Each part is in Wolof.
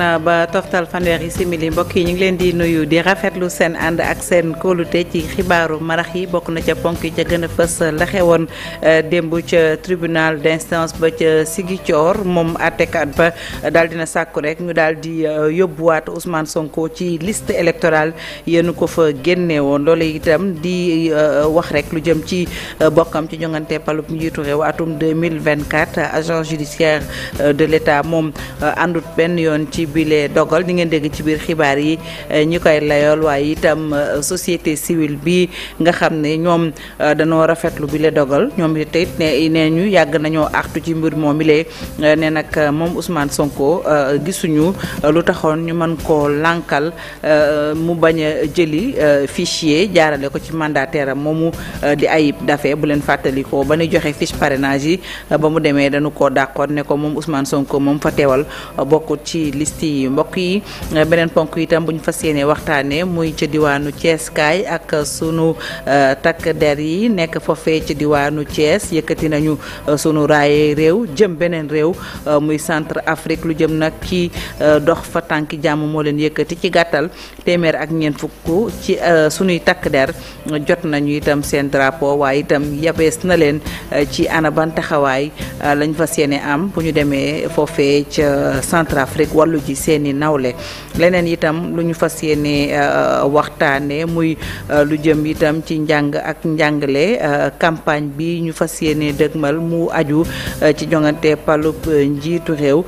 na ba toftal fanweeri simili mbokk yi ñu ngi leen di nuyu di rafetlu seen ànd ak seen kóolute ci xibaaru marax yi bokk na ca ponk yi ca gën a fës la xewoon euh, démb ca tribunal d'instance ba ca Ziguinchor moom àttekat ba daal dina sàkku rek ñu daal di euh, yóbbuwaat Ousmane Sonko ci liste électorale yéenu ko fa génne woon loolu itam di euh, wax rek lu jëm ci bokkam ci jongante palub njiitu réew atum 2024 agent judiciaire de l'État moom àndut benn yoon ci bile dogal di ngeen dégg ci biir xibaar yi eh, ñi koy layool waaye itam eh, société civile bi nga xam ne ñoom eh, danoo rafetlu bile dogal ñoom it tey nee ñu yàgg nañoo artu ci mbir moom ile ne nag moom Ousmane Sonko gisuñu lu taxoon ñu mën koo lànkal mu bañ a jëli fichier jaarale ko ci mandataire am moomu di Ayib Daffé bu leen fàttalikoo ba ñu joxe fiche yi ba mu demee dañu koo dàqoon ne moom Ousmane Sonko moom fa teewal bokkut ci liste journalistes mbokk yi beneen ponk itam bu ñu fas yéenee waxtaanee muy ca diwaanu Thiès ak sunu euh, takk der yi nekk foofee ci diwaanu Thiès yëkkati nañu euh, sunu raaye réew jëm beneen réew euh, muy centre Afrique lu jëm nag ci dox fa tànki jàmm moo leen yëkkati ci gàttal téeméer ak ñeent fukk ci sunuy takk der jot nañu itam seen drapeau waaye itam yabees na leen ci ana ban taxawaay lañ fa yéene am bu ñu demee foofee ca centre Afrique wàllu ji seeni nawle leneen itam lu ñu fas yéene euh, waxtaane muy euh, lu jëm itam ci njàng ak njàngale euh, campagne bi ñu fas yéene dëgmal mu aju ci jongante palub njiitu réew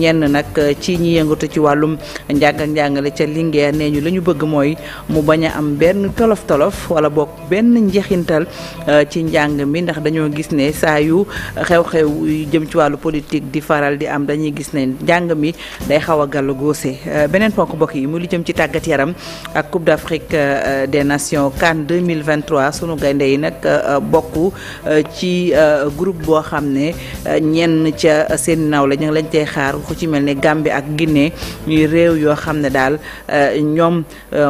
ñenn nag ci ñi yëngatu ci wàllum njàng ak njàngale ca Linguère nee ñu la ñu bëgg mooy mu bañ a am benn tolof tolof wala boog benn njeexintal ci njàng mi ndax dañoo gis ne saa yu xew-xew yu jëm ci wàllu politique di faral di am dañuy gis ne njàng mi day xaw a gàllu góose euh, beneen ponk mbokk yi mu li jëm ci tàggat yaram ak Coupe d'Afrique euh, des Nations CAN 2023 sunu gaynde yi nag euh, bokk ci groupe boo xam ne ñenn ca seen nawle la ñu lañ tey xaar ku ci mel ni Gambie ak ginne ñuy réew yoo xam ne daal ñoom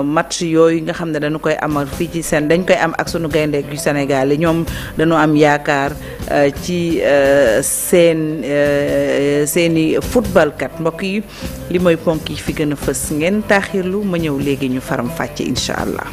match yooyu nga xam ne dañu koy amal fii ci seen dañ koy am ak sunu gaynde yu Sénégal yi ñoom dañoo am yaakaar ci seen seeni football kat mbokk yi li mooy ponk yi fi gën a fës ngeen taaxirlu ma ñëw léegi ñu faram fàcce incha allah.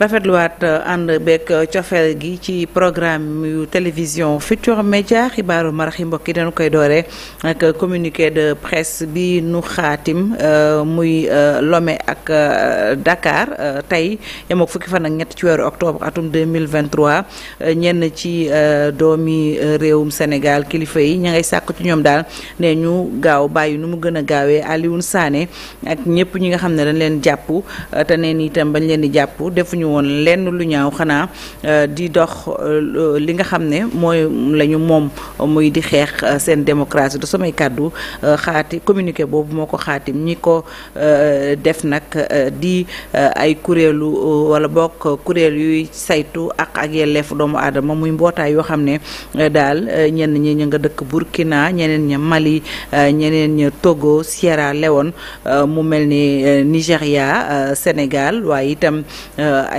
rafetluwaat euh, ànd beeg euh, cofeel gi ci programme yu télévision Futurs Médias xibaaru marax yi mbokk yi dañu koy dooree ak communiqué de presse bi nu xaatim euh, muy lome ak Dakar tey yemook fukki fan ak ñett ci weeru octobre atum 2023 ñenn ci doomi réewum Sénégal kilifa yi ña ngay sàkk ci ñoom daal ne ñu gaaw bàyyi nu mu gën a gaawee Alioune Sané ak ñëpp ñi nga xam ne dañ leen jàpp te neen itam bañ leen di jàpp defuñu woon lenn lu ñaaw xanaa euh, di dox euh, li nga xam ne mooy lañu moom muy di xeex euh, seen démocratie du samay kàddu xaati communiqué boobu moo ko xaatim ñi ko def nag di ay kuréelu wala bokk kuréel yuy saytu ak ak yelleefu doomu aadama muy mbootaay yoo xam ne daal ñenn ñi ñu nga dëkk Burkina ñeneen ña Mali ñeneen ña Togo Sierra Leone mu mel ni Nigéria Sénégal waaye itam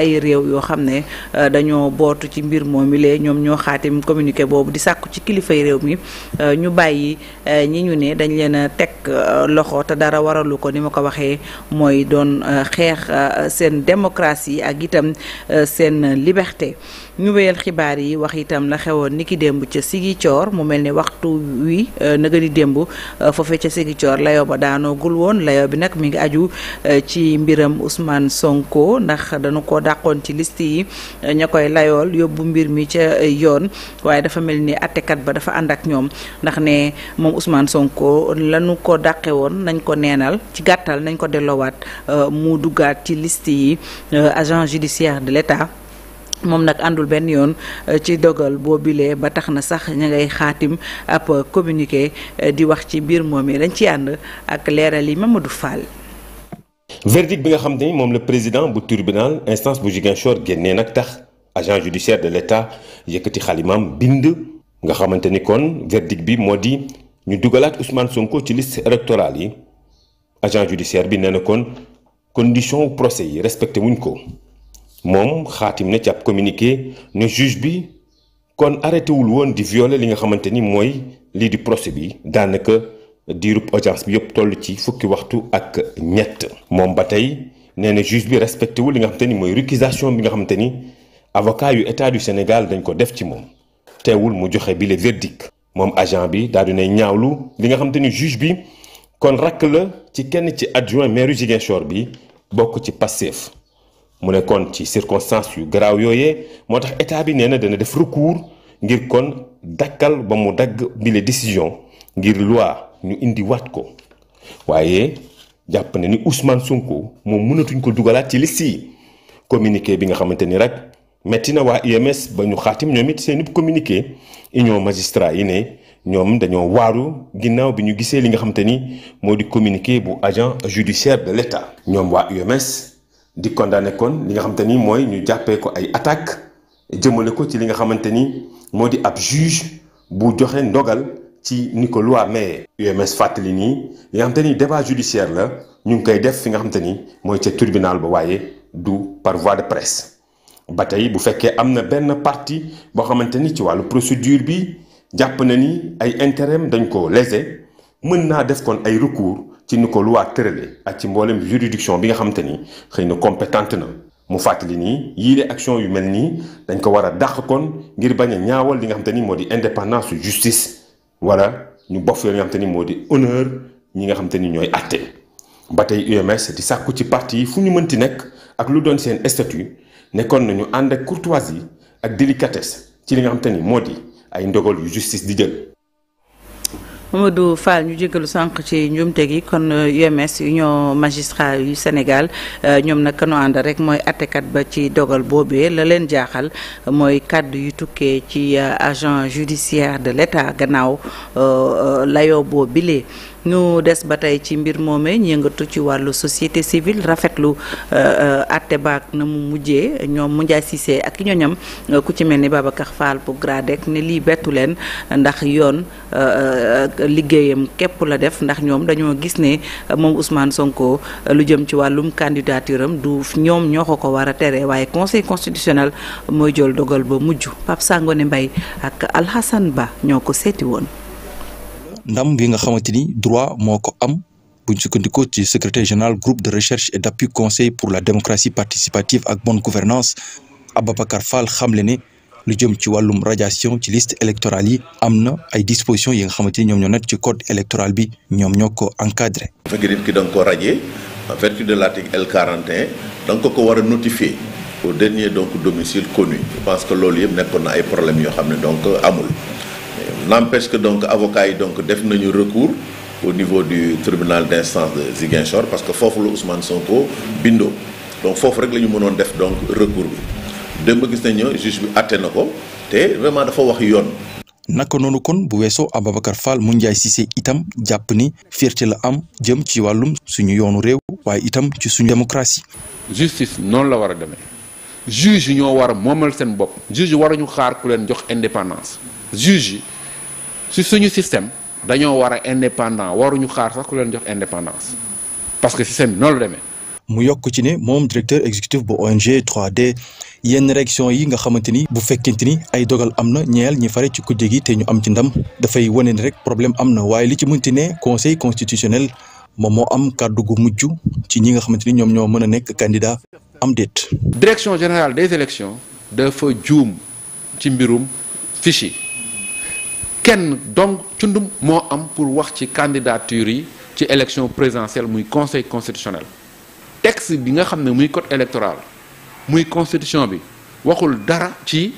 ay réew yoo xam ne euh, dañoo bootu ci mbir moom lee ñoom ñoo xaatim communiqué boobu di sàkku ci kilifay réew mi euh, ñu bàyyi euh, ñi ñu ne dañ leen a teg loxo te dara waralu ko ni ma ko waxee mooy doon xeex seen démocratie ak itam seen liberté ñu wéyal xibaar yi wax itam la xewoon niki démb ca Sigicoor mu mel ni waxtu wi euh, naga ni démb euh, foofe ca Sigicoor layoo ba daanoo woon layoo bi nag mi ngi aju euh, ci mbiram Ousmane Sonko ndax dañu ko dàqoon ci list yi ña koy layool yóbbu mbir mi ca yoon waaye dafa mel ni attekat ba dafa ànd ak ñoom ndax ne moom Ousmane Sonko lanu ko dàqe woon nañ ko neenal ci gàttal nañ ko delloowaat mu duggaat ci list yi agent judiciaire de l'État moom nag àndul benn yoon euh, ci dogal boo bilee ba tax na sax ña ngay xaatim ab communiquer euh, di wax ci mbir moom yi dañ ci ànd ak leeral yi Mamadou Fall. verdict bi nga xam ne moom la président bu tribunal instance bu Ziguinchor génnee nag tax agent judiciaire de l'État yëkkati xalimaam bind nga xamante ni kon verdict bi moo di ñu dugalaat Ousmane Sonko ci liste électorale yi agent judiciaire bi nee na kon condition procès yi respecté wuñ ko. moom xaatim na ci ab communiqué ne juge bi kon arrêté wul woon di violer li nga xamante ni mooy lii di procès bi daanaka diirub audience bi yëpp toll ci fukki waxtu ak ñett moom ba tey nee na juge bi respecté wul li nga xamante ni mooy récusation bi nga xamante ni avocat yu état du Sénégal dañ ko def ci moom teewul mu joxe bi le verdict moom agent bi daal di ne ñaawlu li nga xamante ni juge bi kon rakk la ci kenn ci adjoint maire Ziguinchor bi bokk ci Pastef mu ne kon ci circonstance yu garaaw yooye moo tax état bi nee na dana def recours ngir kon dakkal ba mu dagg bile décision ngir loi ñu indi waat ko waaye jàpp na ni Ousmane Sonko moom mënatuñ ko dugalaat ci liste yi communiqué bi nga xamante ni rek metti na waa UMS ba ñu xaatim ñoom it seen communiqué union magistrat yi ne ñoom dañoo waaru ginnaaw bi ñu gisee li nga xamante ni moo di communiqué bu agent judiciaire de l' état ñoom waa UMS di condamné kon li nga xamante ni mooy ñu jàppee ko ay attaque jëmale ko ci li nga xamante ni moo di ab juge bu joxe ndogal ci ni ko loi maye. UMS fàttali nii li nga xamante ni débat judiciaire la ñu ngi koy def fi nga xamante ni mooy ca tribunal ba waaye du par voie de presse ba tey bu fekkee am na benn partie boo xamante ni ci wàllu procédure bi jàpp na ni ay intérêt dañ ko lésé mën naa def kon ay recours. ci ni ko luwaa tërale at ci mboolem juridiction bi nga xam te ni xëy na compétente na mu fàttali nii yii de action yu mel nii dañ ko war a dàq kon ngir bañ a ñaawal li nga xam te ni moo di indépendance su justice wala ñu bof li nga xam te ni moo di honneur ñi nga xam te ni ñooy àtte ba tey UMS di sàkku ci parti yi fu ñu mënti nekk ak lu doon seen statut nekkoon nañu ànd ak courtoisie ak délicatesse ci li nga xam te ni moo di ay ndogal yu justice jël du Fall ñu jégalu sànq ci njuumte gi kon UMS euh, Union magistrat yu Sénégal euh, ñoom nag kanu ànd rek mooy attekat ba ci dogal boobee la leen jaaxal mooy kàddu yu tukkee ci euh, agent judiciaire de l'État gannaaw layoo boo bilee ñu des ba tey ci mbir moomee ñu yëngatu ci wàllu société civile rafetlu euh, euh, àtte baak na mu mujjee ñoom mu njaay Cissé ak ñoñam euh, ku ci mel ni Babacar Fall bu Gradec ne lii bettu leen ndax yoon liggéeyam képp la def ndax ñoom dañoo gis ne moom Ousmane Sonko lu jëm ci wàllum candidature am du ñoom ñoo ko ko war a tere waaye conseil constitutionnel mooy jël dogal ba mujj Pape Sangone mbay ak alxasan Ba ñoo ko seeti woon. ndam bi nga xamante ni droit moo ko am buñ sukkandikoo ci secrétaire général groupe de recherche et d'appui conseil pour la démocratie participative ak bonne gouvernance Ababacar Fall xamle ne lu jëm ci wàllum radiation ci liste électorale yi am na ay dispositions yi nga xamante ni ñoom ñoo nekk ci code électoral bi ñoom ñoo ko encadré. bu fekkee nit ki ko radier en vertu de l'article l da nga ko ko war a notifier au dernier donc domicile connu je pense que loolu yëpp nekkoon na ay problèmes yoo xam ne donc amul. n'empêche que donc avocat yi donc def nañu recours au niveau du tribunal d'instance de Ziguinchor parce que foofu la Ousmane Sonko bindoo donc foofu rek la ñu mënoon def donc recours bi démb gis nañu juge bi àtte na ko te vraiment dafa wax yoon. naka noonu kon bu weesoo Ababacar Fall mu si Cissé itam jàpp ni fiir ci la am jëm ci wàllum suñu yoonu réew waaye itam ci suñu démocratie. justice noonu la war a demee juge yu ñoo war a moomal seen bopp juge yi waruñu xaar ku leen jox indépendance juge si suñu système dañoo war a indépendant waruñu xaar sax ku leen jox indépendance parce que système bi noonu la demee. mu yokk ci ne moom directeur exécutif bu ONG trois d yenn réaction yi nga xamante ni bu fekkente ni ay dogal am na ñeel ñi fare ci kujje gi te ñu am ci ndam dafay wane ni rek problème am na waaye li ci mënti ne conseil constitutionnel moom moo am kàddu gu mujj ci ñi nga xamante ni ñoom ñoo mën a nekk candidat am déet. direction générale des élections dafa juum ci mbirum fichier kenn donc cundum moo am pour wax ci candidature yi ci élection présidentielle muy conseil constitutionnel texte bi nga xam ne muy code électoral muy constitution bi waxul dara ci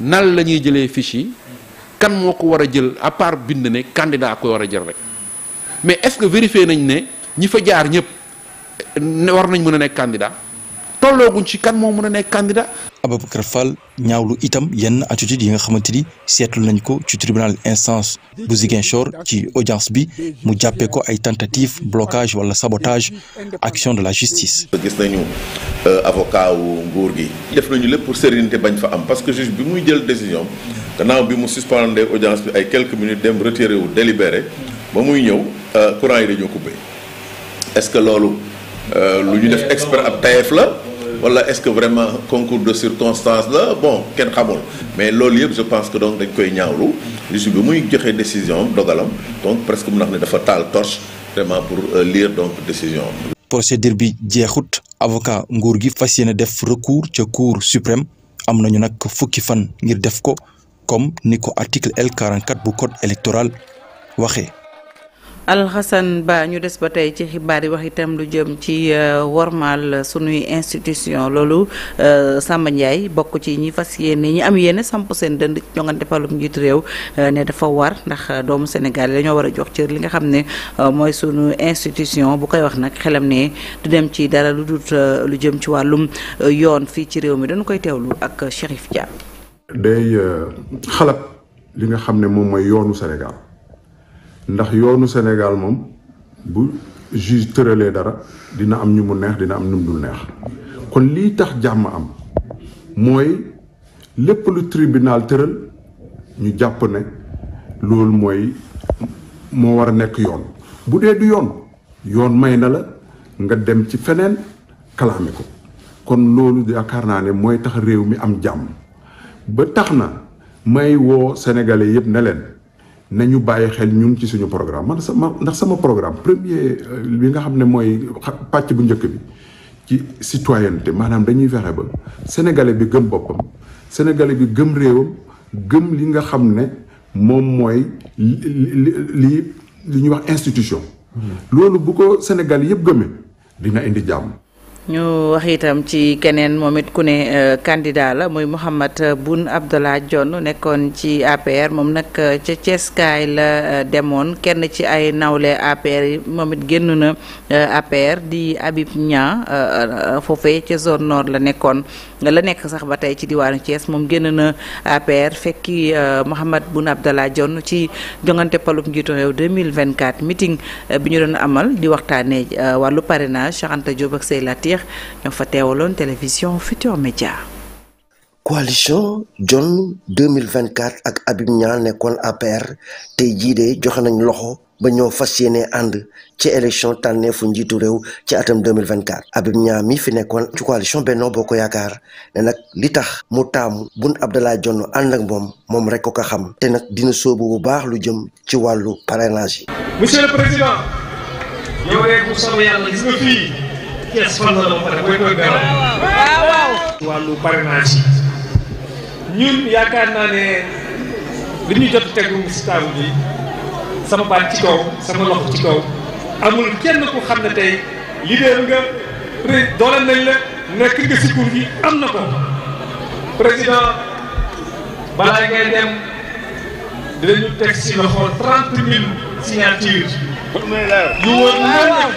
nan la ñuy jëlee fiche yi kan moo ko war a jël à part bind ne candidat ko war a jël rek mais est-ce que vérifié nañ ne ñi fa jaar ñëpp war nañ mën a nekk candidat tollooguñ ci kan moo mën a nekk candidat. Ababacar Fall ñaawlu itam yenn attitude yi nga xamante ni seetlu nañ ko ci tribunal instance bu Ziguinchor ci audience bi mu jàppee ko ay tentative blocage wala sabotage action de la justice. gis nañu euh, avocat wu nguur gi. def nañu lépp pour sérénité bañ fa am parce que juge bi muy jël décision gannaaw bi mu suspendé audience bi ay quelques minutes dem retiré wu délibéré ba muy ñëw euh, courant yi dañoo coupé est-ce que loolu euh, lu ñu def expert ab tayeef la. wala est-ce que vraiment concours de circonstance la bon kenn xamul mais loolu yëpp je pense que donc dañ koy ñaawlu juge bi muy joxee décision dogalam donc presque mu nax ne dafa taal torche vraiment pour euh, lire donc décision procédure bi jeexut avocat nguur gi fas yéene def recours ca cour suprême am nañu nag fukki fan ngir def ko comme ni ko article L44 bu code électoral waxee Alxasan Ba ñu des ba tey ci xibaar yi wax itam lu jëm ci euh, wormaal sunuy institution loolu euh, Samba Ndiaye bokk ci ñi fas yéene ñi am yéene samp seen dënd jongante palum njiitu réew euh, ne dafa war ndax doomu Sénégal yi dañoo war a jox cër li nga xam ne mooy sunu institution bu koy wax nag xelam ne du dem ci dara lu dut lu jëm ci wàllum yoon fii ci réew mi dañu koy teewlu ak Chérif Dia. day xam ne moom mooy yoonu ndax yoonu Sénégal moom bu juge tëralee dara dina am ñu mu neex dina am ñu dul neex kon lii tax jàmm am mooy lépp lu tribunal tëral ñu jàpp ne loolu mooy moo war a nekk yoon bu dee du yoon yoon may na la nga dem ci feneen kalaame ko kon loolu yaakaar naa ne mooy tax réew mi am jàmm ba tax na may woo sénégalais yépp ne leen nañu bàyyi xel ñun ci suñu programme man sama ndax sama programme premier bi euh, nga xam ne mooy pàcc bu njëkk bi ci citoyenneté maanaam dañuy fexe ba sénégalais bi gëm boppam sénégalais bi gëm réewam gëm li nga xam ne moom mooy li li li ñuy wax institution. Hmm. loolu bu ko Sénégal yëpp gëmee dina indi jàmm. ñu wax itam ci keneen moom it ku ne euh, candidat la muy Mouhamed Boun Abdallah Dionne nekkoon ci APR moom nag euh, ca Ceeskaay la euh, demoon kenn ci ay nawle APR yi moom it génn na APR di Habib Niang foofee ca zone nord la nekkoon la nekk sax ba tey ci diwaanu Thiès moom génn na APR fekki Mouhamed Boun Abdallah Dionne ci jongante palub njiitu réew 2024 meeting bi ñu doon amal di waxtaanee wàllu parrainage Cheikh Anta Diop ak Sey Latir Pire ñoo fa teewaloon télévision Futur Média. coalition Dionne ak Habib Niang nekkoon APR tey jii joxe nañ loxo ba ñoo fas yéene ànd ci élection tànneefu njiitu réew ci atam 2024 Habib Niang mi fi nekkoon ci coalition Benno Bokk Yaakaar ne nag li tax mu taamu Boun Abdallah Dionne ànd ak moom moom rek ko xam te nag dina sóobu bu baax lu jëm ci wàllu parrainage yi. monsieur le président yow rek bu soobee yàlla gis nga kees fan la ko koy ñun yaakaar naa ne li ñu jot tegu si table bi sama baat ci kaw sama loxo ci kaw amul kenn ku xam ne tey leader nga pré doole nañ la nekk nga si nguur gi am na ko président balaa ngay dem dinañu teg si loxo trente mille signature. yu wóor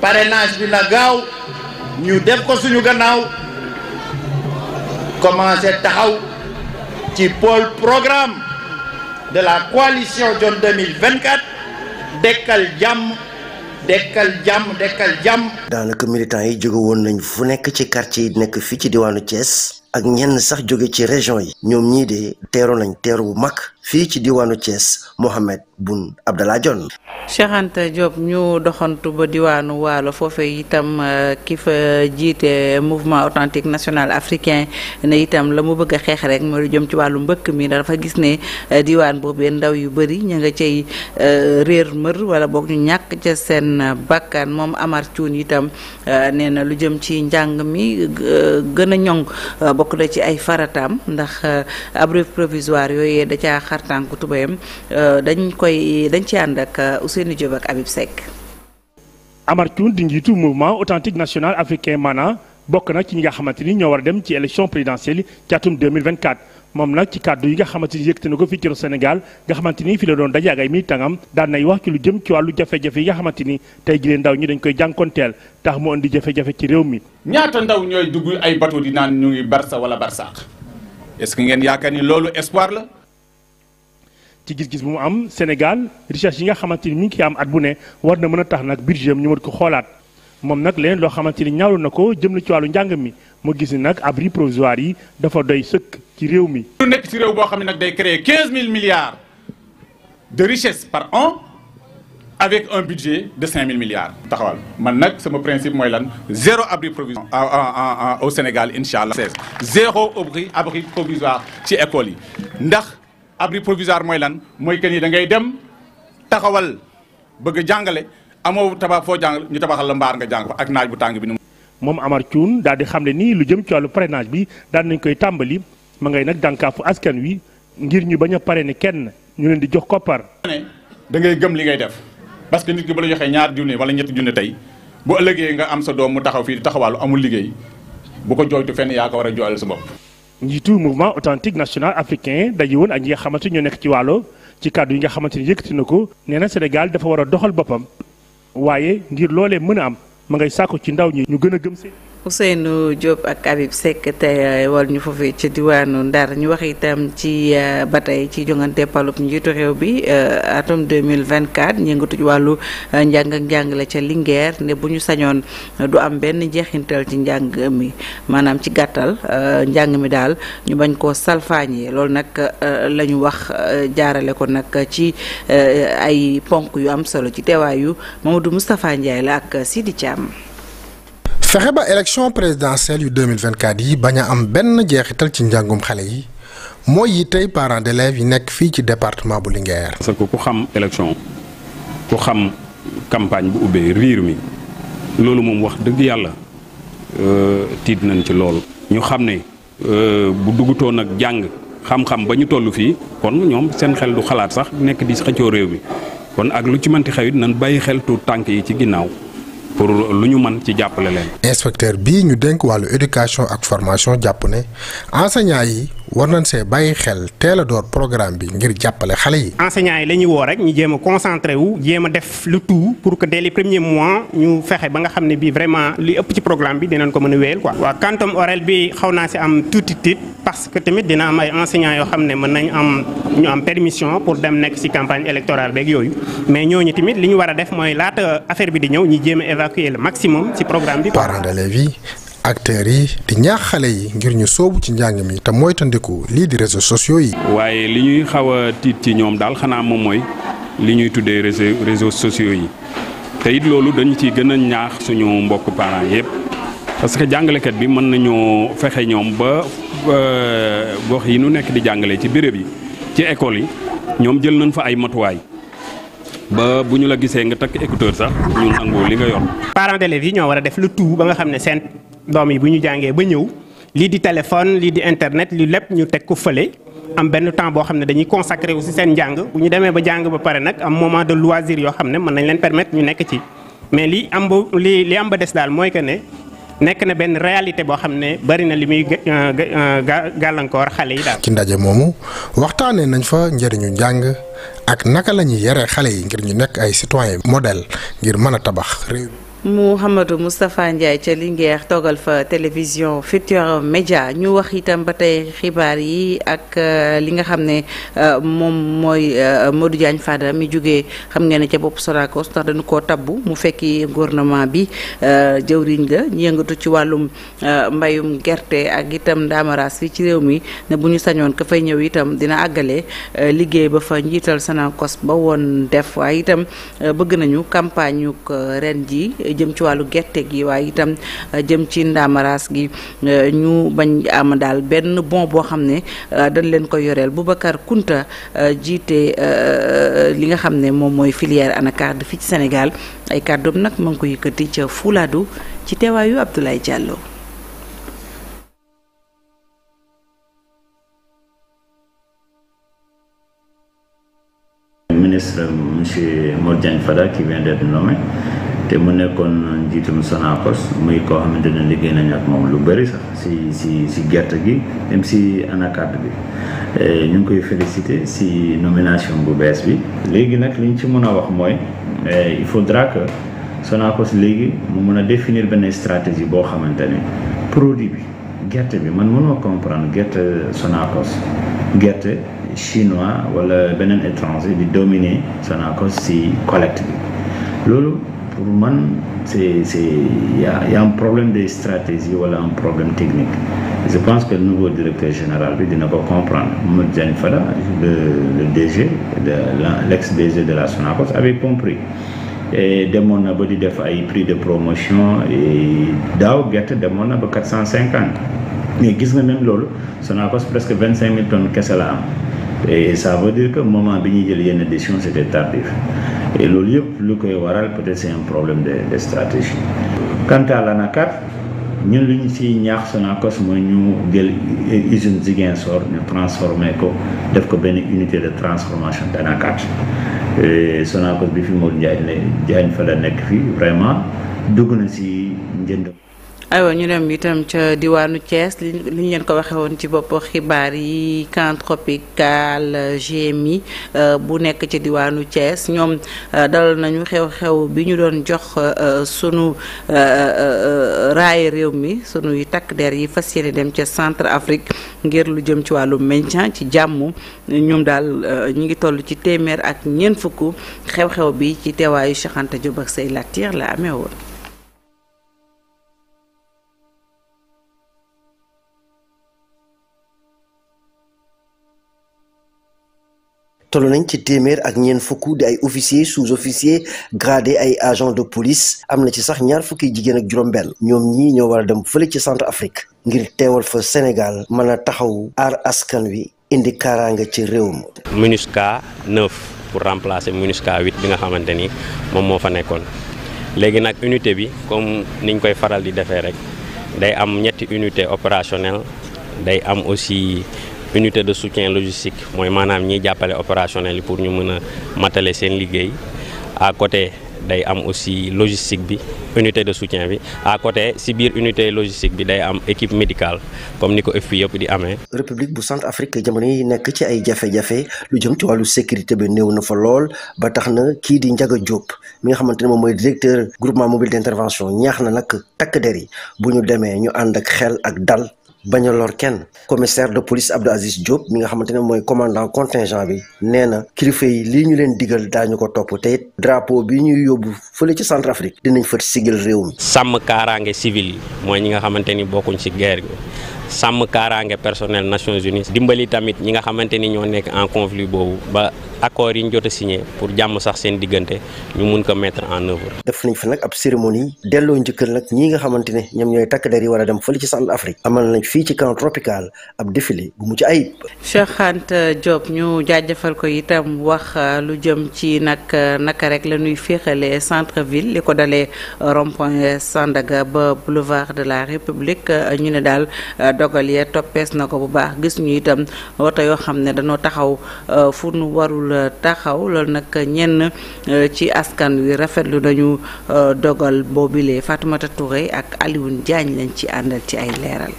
parrainage bi na gaaw ñu def ko suñu gannaaw commencé taxaw ci pôle programme de la coalition Dionne 2024 dekkal jàmm dekkal jàmm jàmm. daanaka militants yi jóge woon nañ fu nekk ci quartier yi nekk fii ci diwaanu Thiès ak ñenn sax jóge ci région yi ñoom ñii de teeru nañ teeru bu mag. fii ci diwaanu Thiès Mohamed Boun Abdallah Dionne. Cheikh Anta Diop ñu doxantu ba diwaanu waalo foofee itam euh, ki fa jiite mouvement authentique national africain ne itam la mu bëgg a xeex rek mooy lu jëm ci wàllu mbëkk mi dafa gis ne euh, diwaan boobu ndaw yu bëri ñu nga cay euh, réer mër wala boog ñu ñàkk ca seen bakkan moom Amar Thioune itam nee na lu jëm ci njàng mi gën a ñoŋ bokk na ci ay farataam ndax abri provisoire yooyu da caa xar tànku tubéyam euh, ci ànd ak euh, Ousseynou Diop ak Habib Seck. Amar Thioune di njiitu mouvement authentique national africain maanaam bokk na ci ñi nga xamante ni ñoo war a dem ci élection présidentielle ci atum 2024 moom nag ci kàddu yi nga xamante ni yëkkati na ko fii ci Sénégal nga xamante ni doon daje ak ay militangam daan nay wax ci lu jëm ci wàllu jafe-jafe yi nga xamante ni tey jii ndaw ñi dañ koy jànkonteel tax mu indi jafe-jafe ci réew mi. ñaata ndaw ñooy dugg ay bateau di naan ñu ngi Barça wala Barsaax est-ce que ci gis-gis bu mu am Sénégal recherche yi nga xamante ni mi ngi koy am at bu ne war na mën a tax nag budget ñu mën ko xoolaat moom nag leen loo xamante ni ñaawlu na ko jëm na ci wàllu njàng mi mu gis ni nag abri provisoire yi dafa doy sëkk ci réew mi. lu nekk ci réew boo xam ne nag day créer 15000 milliards de richesse par an avec un budget de 5000 milliards. taxawal man nag sama principe mooy lan zéro abri provisoire au Sénégal incha allah. zéro abri abri ci école yi abri provisoire mooy lan mooy que yi da ngay dem taxawal bëgg a jàngale amoo tabax foo jàng ñu tabaxal mbaar nga jàng fa ak naaj bu tàng bi ni moom Amar Thioune daal di xam ne nii lu jëm ci wàllu parrainage bi daal nañ koy tàmbali ma ngay nag dànkaafu askan wi ngir ñu bañ a ne kenn ñu leen di jox koppar. da ngay gëm li ngay def parce que nit ki bu la joxee ñaar junne wala ñetti junne tey bu ëllëgee nga am sa doom mu taxaw fii di taxawaalu amul liggéey bu ko jooytu fenn yaa ko war a jooyal sa bopp. njiitu mouvement authentique national africain daje woon ak ñi nga xamante ñoo nekk ci wàllo ci kàddu yi nga xamante ni yëkkati na ko nee na Sénégal dafa war a doxal boppam waaye ngir loolee mën a am ma ngay sàkku ci ndaw ñi ñu gën a gëm si Ousseynou Diop ak Habib Seck tey euh, wal ñu foofee ci diwaanu Ndar ñu wax itam ci euh, ba tey ci jongante palub njiitu réew bi euh, atum 2024 yëngatu ci wàllu njàng ak njàngale ca Linguère ne bu ñu sañoon du am benn njeexintal ci njàng mi maanaam ci gàttal njàng mi daal ñu bañ koo salfaañee loolu nag la ñu wax jaarale ko nag ci ay ponk yu am solo ci teewaayu du Moustapha Ndiaye la ak Sidi am fexe ba élection présidentielle yu vingt 2024 yi bañ a am benn jeexital ci njàngum xale yi mooy yi tey parent d'élèves yi nekk fii ci département bu Linguère. parce ko ku xam élection ku xam campagne bu ubbee riir mi loolu moom wax dëgg yàlla euh, tiit nañ ci lool. ñu xam ne euh, bu dugutoon nag jàng xam-xam ba ñu toll fii kon ñoom seen xel du xalaat sax nekk di xëccoo réew mi kon ak lu ci mënti xew it nañ bàyyi xel tuut tànk yi ci ginnaaw. pour lu ñu mën ci jàppale leen. inspecteur bii ñu dénk wàllu éducation ak formation jàpp ne enseignants yi. war nañ see bàyyi xel teel a door programme bi ngir jàppale xale yi. enseignants yi la ñuy woo rek ñu jéem a concentré wu jéem a def le tout pour que dès les premiers mois ñu fexe ba nga xam ne bii vraiment li ëpp ci programme bi dinañ ko mën a wéyal quoi. waaw quantum horaire bi xaw naa si am tuuti tiit parce que tamit dina am ay enseignants yoo xam ne mën nañ am ñu am permission pour dem nekk ci campagne électoral beeg yooyu mais ñooñu tamit li ñu war a def mooy laata affaire bi di ñëw ñu jéem a évacuer le maximum ci programme bi. parents d'élèves yi acteurs yi di ñaax xale yi ngir ñu soobu ci njàng mi te moytandiku lii di réseaux sociaux yi. waaye li ñuy xaw tiit ci ñoom daal xanaa moom mooy li ñuy tuddee réseau réseaux sociaux yi te loolu dañu ci gën a ñaax suñu mbokk parent yépp parce que jàngalekat bi mën nañoo fexe ñoom ba gox yi nu nekk di jàngale ci béréb yi ci école yi ñoom jël nañ fa ay matuwaay. ba bu ñu la gisee nga takk écouteur sax ñu nangoo li nga yor. doom yi bu ñu jàngee ba ñëw lii di téléphone lii di internet lii lépp ñu teg ko fële am benn temps boo xam ne dañuy consacré wu si seen njàng bu ñu demee ba jàng ba pare nag am moment de loisir yoo xam ne mën nañ leen permettre ñu nekk ci mais li am ba li li am ba des daal mooy que ne nekk na benn réalité boo xam ne bari na li muy euh, euh, gàllankoor xale yi daal. ci ndaje moomu waxtaanee nañ fa njëriñu njàng ak naka lañuy ñuy xale yi ngir ñu nekk ay citoyen modèle ngir mën a tabax Mouhamadou Moustapha Ndiaye ca Linguère toogal fa télévision Futurs Médias ñu wax itam ba tey xibaar yi ak euh, li nga xam ne euh, moom mooy euh, Modou Diagne Fada mi jógee xam ngeen ne ca bopp Sonacos ndax dañu koo tabbu mu fekki gouvernement bi jëwriñ la ñu yëngatu ci wàllum mbayum gerte ak itam ndaamaraas fi ci réew mi ne bu ñu sañoon ka fay ñëw itam dina àggale liggéey ba fa njiital Sonacos ba woon def waaye itam bëgg nañu campagne ren ji jëm ci wàllu gerte gi waaye itam euh, jëm ci ndaamaraas gi euh, ñu bañ am daal benn bon boo xam ne euh, dañ leen ko yoreel Boubacar Kunta jiite li nga xam ne moom mooy filière anacarde fii ci Sénégal ay kàddoom nag ma ngi ko yëkkati ca Fuladu ci teewaayu Abdoulaye Diallo. ministre monsieur Modiane fadal qui vient d'être nommé te mu nekkoon njiitum Sonacos muy koo xamante ne liggéey nañu ak moom lu bëri sax si si si gerte gi même si anacarde bi e, ñu ngi koy féliciter si nomination bu bees bi. léegi nag li ñu ci mën a wax mooy e, il faudra que Sonacos léegi mu mun a définir benn stratégie boo xamante ni produit bi gerte bi man mënoo comprendre gerte Sonacos gerte. chinois wala beneen étranger di dominer Sonacos si collecte bi loolu pour man c'est c'est y a y un problème de stratégie wala un problème technique je pense que le nouveau directeur général bi dina ko comprendre Mamadou Diagne Fada le le DG de l'ex DG de la Sonacos avait compris demoon na ba di def ay prix de promotion daaw gerte demoon na ba quatre cent cinquante mais gis na même loolu Sonacos presque vingt cinq mille tonnes kese la am et ça veut dire que moment bi ñuy jël yenn décision c'était tardif et loolu yëpp lu koy waral peut-être c'est un problème de de stratégie. quant à l'anacar ñun lu ñu siy ñaax Sonacos mooy ñu jël usine Ziguinchor ñu transformer ko def ko benn unité de transformation d'anacar Sonacos bi fi Modou Ndiaye Diagne fa la nekk fii vraiment dugg na si njënd. aywa ñu dem itam ca diwaanu Thiès li ñu leen ko waxee woon ci bopp xibaar yi camp tropical GMI euh, bu nekk ci diwaanu Thiès ñoom euh, dalal nañu xew-xew bi ñu doon jox euh, sunu raay réew mi sunuy takk der yi fas yéene dem ca centre Afrique ngir lu jëm ci wàllu maintien ci jàmm ñoom daal ñu ngi toll ci téeméer ak ñeent fukk xew-xew bi ci teewaayu Cheikh Anta Diop ak say latiir la ameewoon toll nañ ci téeméer ak ñeent fukk di ay officiers sous-officiers gradés ay agents de police am na ci sax ñaar fukki jigéen ak juróom-benn ñoom ñi ñoo war a dem fële ci centre Afrique ngir teewal fa Sénégal mën a taxaw aar askan wi indi kaaraanga ci réew mi. MINUSCA 9 pour remplacer MINUSCA 8 bi nga xamante ni moom moo fa nekkoon léegi nag unité bi comme niñ koy faral di defee rek day am ñetti unité opérationnelle day am aussi. unité de soutien logistique mooy maanaam ñiy jàppale opérationnel yi pour ñu mën a matale seen liggéey à côté day am aussi logistique bi unité de soutien bi à côté si biir unité logistique bi day am équipe médicale comme ni ko FPI yëpp di amee. république bu Centrafrique jamono yi nekk ci ay jafe-jafe lu jëm ci wàllu sécurité bi néew na fa lool ba tax na kii di Ndiaga Diop mi nga xamante ne moom mooy directeur groupement mobile d' intervention ñaax na nag takk yi bu ñu demee ñu ànd ak xel ak dal. bañ a kenn commissaire de police Abdou Aziz Diop mi nga xamante ne mooy commandant contingent bi nee na kilifa yi lii ñu leen digal daañu ko topp tey it drapeau bi ñuy yóbbu fële ci Centrafrique dinañ fa sigil réew mi. sàmm kaaraange civil yi mooy ñi nga xamante ni bokkuñ ci guerre bi sàmm kaaraange personnel Nations Unies dimbali tamit ñi nga xamante ni ñoo nekk en conflit boobu ba. accords yi ñu jot pour jàmm sax seen diggante ñu mun ko mettre en œuvre. def nañ fa nag ab cérémonie delloo njëkkal nag ñi nga xamante ne ñoom ñooy takk der yi war a dem fële ci centre Afrique amal nañ fii ci camp tropical ab défilé bu mu ci ayib. Cheikh Anta Diop ñu jaajëfal ko itam wax euh, lu jëm ci nag euh, naka rek la ñuy féexalee centre ville li ko dalee euh, rond Sandaga ba boulevard de la République ñu ne daal dogal ya toppees na ko bu baax gis ñu itam oto taxaw Euh, taxaw loolu nag ñenn euh, ci askan wi rafetlu nañu euh, dogal boobile Fatoumata Touré ak Alioune jaañ lañ ci àndal ci ay leeral.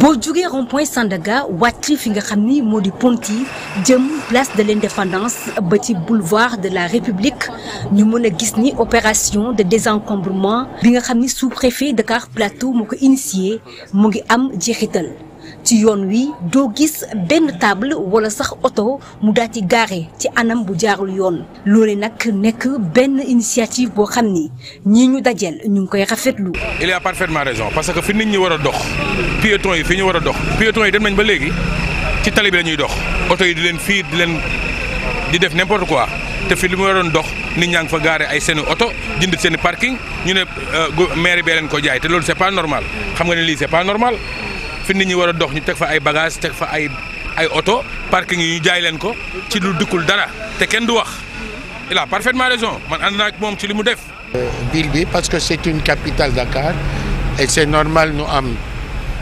boo jugee rond point wàcc fi nga xam ni moo di Ponty jëm place de l'indépendance ba ci boulevard de la République ñu mën a gis ni opération de désencombrement bi nga xam ni sous-préfet Dakar Plateau moo ko initié mu ngi am jeexital. ci yoon wi doo gis benn table wala sax oto mu daal di gaare ci anam bu jaarul yoon loole nag nekk benn initiative boo xam ni ñii ñu dajeel ñu ngi koy rafetlu. il a parfaitement raison parce que fi nit ñi war a dox piétons yi fi ñu war a dox piétons yi dem nañ ba léegi ci tali bi ñuy dox oto yi di leen fii di leen di def n'importe quoi. te fi li mu waroon dox nit ñaa ngi fa gaare ay seeni oto jënd seeni parking ñu ne euh, maire bee leen ko jaay te loolu c'est pas normal xam nga ne pas normal fi nit ñi war a dox ñu teg fa ay bagage teg fa ay ay oto parking yi ñu jaay leen ko ci lu dikkul dara te kenn du wax il a parfaitement raison man ànd naa ak moom ci li mu def. ville bi parce que c'est une capitale Dakar et c'est normal ñu am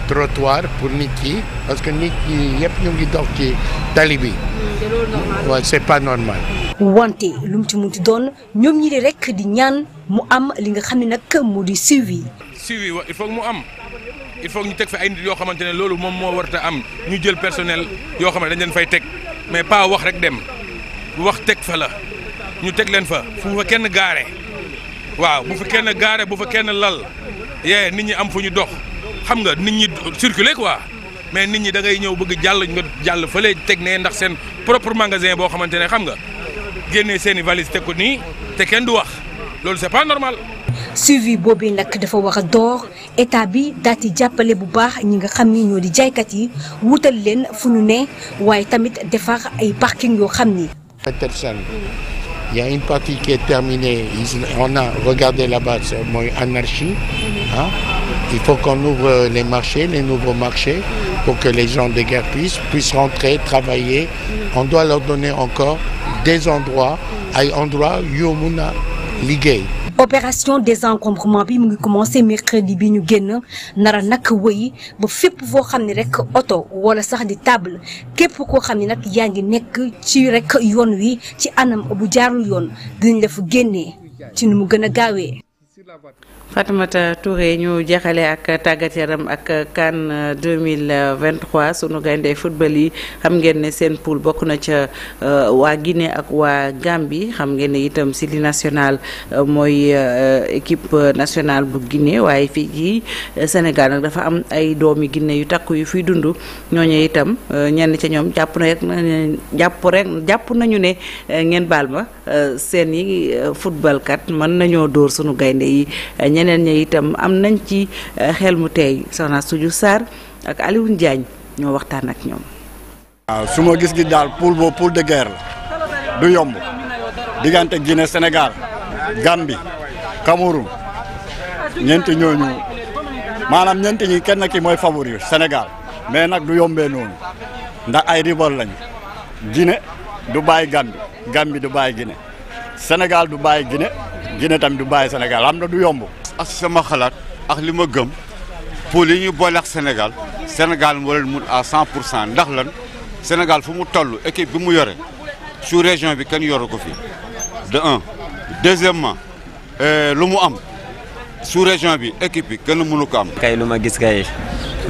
trottoir pour nit yi parce que nit yi yëpp ñu ngi dox ci tali bi. waaw c'est pas normal. wante lu mu ci munti doon ñoom ñi di rek di ñaan mu am li nga xam ne nag moo di suivi. suivi wa il faut mu am. il faut ñu teg fi ay nit yoo xamante ne loolu moom moo warta am ñu jël personnel yoo xam ne dañ leen fay teg mais pas wax rek dem wax teg fa la ñu teg leen fa fu fa kenn gaare waaw bu fa kenn gaare bu fa kenn lal yee nit ñi am fu ñu dox xam nga nit ñi circuler quoi mais nit ñi da ngay ñëw bëgg jàll nga jàll fële teg ne ndax seen propre magasin boo xamante ne xam nga génnee seeni valise teg ko nii te kenn du wax loolu c'est pas normal suivi boobee nag dafa war a door état bi daal di jàppale bu baax ñi nga xam ni ñoo di jaaykat yi wutal leen fu ñu ne waaye tamit defar ay parking yoo xam ni. Il y a une partie qui est terminée on a regardé là-bas mooy anarchie ah il faut qu'on ouvre les marchés les nouveaux marchés pour que les gens de guerre puissent puissent rentrer travailler mm-hmm. on doit leur donner encore des endroits mm-hmm. ay endroits yu mun a liggéey des désencombrement bi mu ngi commencé mercredi bi ñu génn nara nag wëy ba fépp foo xam ne rek oto wala sax di table képp koo xam ni nag yaa ngi nekk ci rek yoon wi ci anam bu jaarul yoon dinañ la fu génnee ci nu mu gën a gaawee Fatoumata Touré ñu jeexale ak tàggat yaram ak CAN 2023 sunu gayndee football yi xam ngeen ne seen poul bokk na ca euh, waa Guinée ak waa Gambie xam ngeen ne itam ci li national euh, mooy euh, équipe nationale bu Guinée waaye fii ci Sénégal nag dafa am ay doomi Guinée yu takku yu fiy dund ñooñu itam ñenn ca ñoom jàpp na rek jàpp rek jàpp nañu ne ngeen baal ma seen yi football kat mën nañoo dóor suñu gaynde yi ñeneen ña itam am nañ ci eh, xel mu tey soxna Suju Sarr ak Alioune Diagne ñoo waxtaan ak ñoom. waaw su ma gis gi daal poule boobu poule de guerre la du yomb diggante Guinée Sénégal Gambie Cameroun ñeenti ñooñu maanaam ñeenti ñi kenn ki mooy favori Sénégal mais nag du yombee noonu ndax ay rival lañu Guinée du bàyyi Gambie Gambie du bàyyi Guinée Sénégal du bàyyi Guinée Guinée tamit du bàyyi Sénégal am na du yomb. ak sama xalaat ak li ma gëm pour li ñuy boole ak Sénégal Sénégal moo leen mun à 100 pour cent ndax lan Sénégal fu mu toll équipe bi mu yore sous région bi kenn yoru ko fi de un deuxièmement euh, lu mu am sous région bi équipe bi kenn mënu ko am. kay lu ma gis kay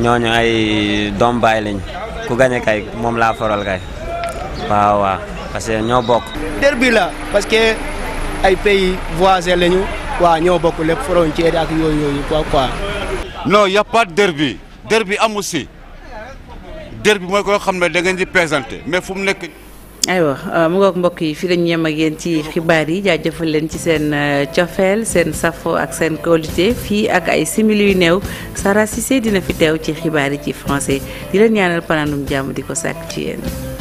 ñooñu ay doom baay lañ ku gañe kay moom laa faral kay waaw waaw que ñoo bokk. derby la parce que ay pays voisins lañu. waaw ñoo bokk lépp frontière ak yooyu yooyu quoi quoi. non y' a pas de derby amu si derby mooy koo xam ne da di présenté mais fu mu nekk. aywa euh, mu ngoog mbokk yi fii lañu yem ak yéen ci xibaar yi jaajëfal leen ci seen euh, cofeel seen safo ak seen qualité fii ak ay simili yu néew Sara Cissé dina fi teew ci xibaar yi ci français di leen ñaanal panaanum jàmm di ko sàkk ci yéen.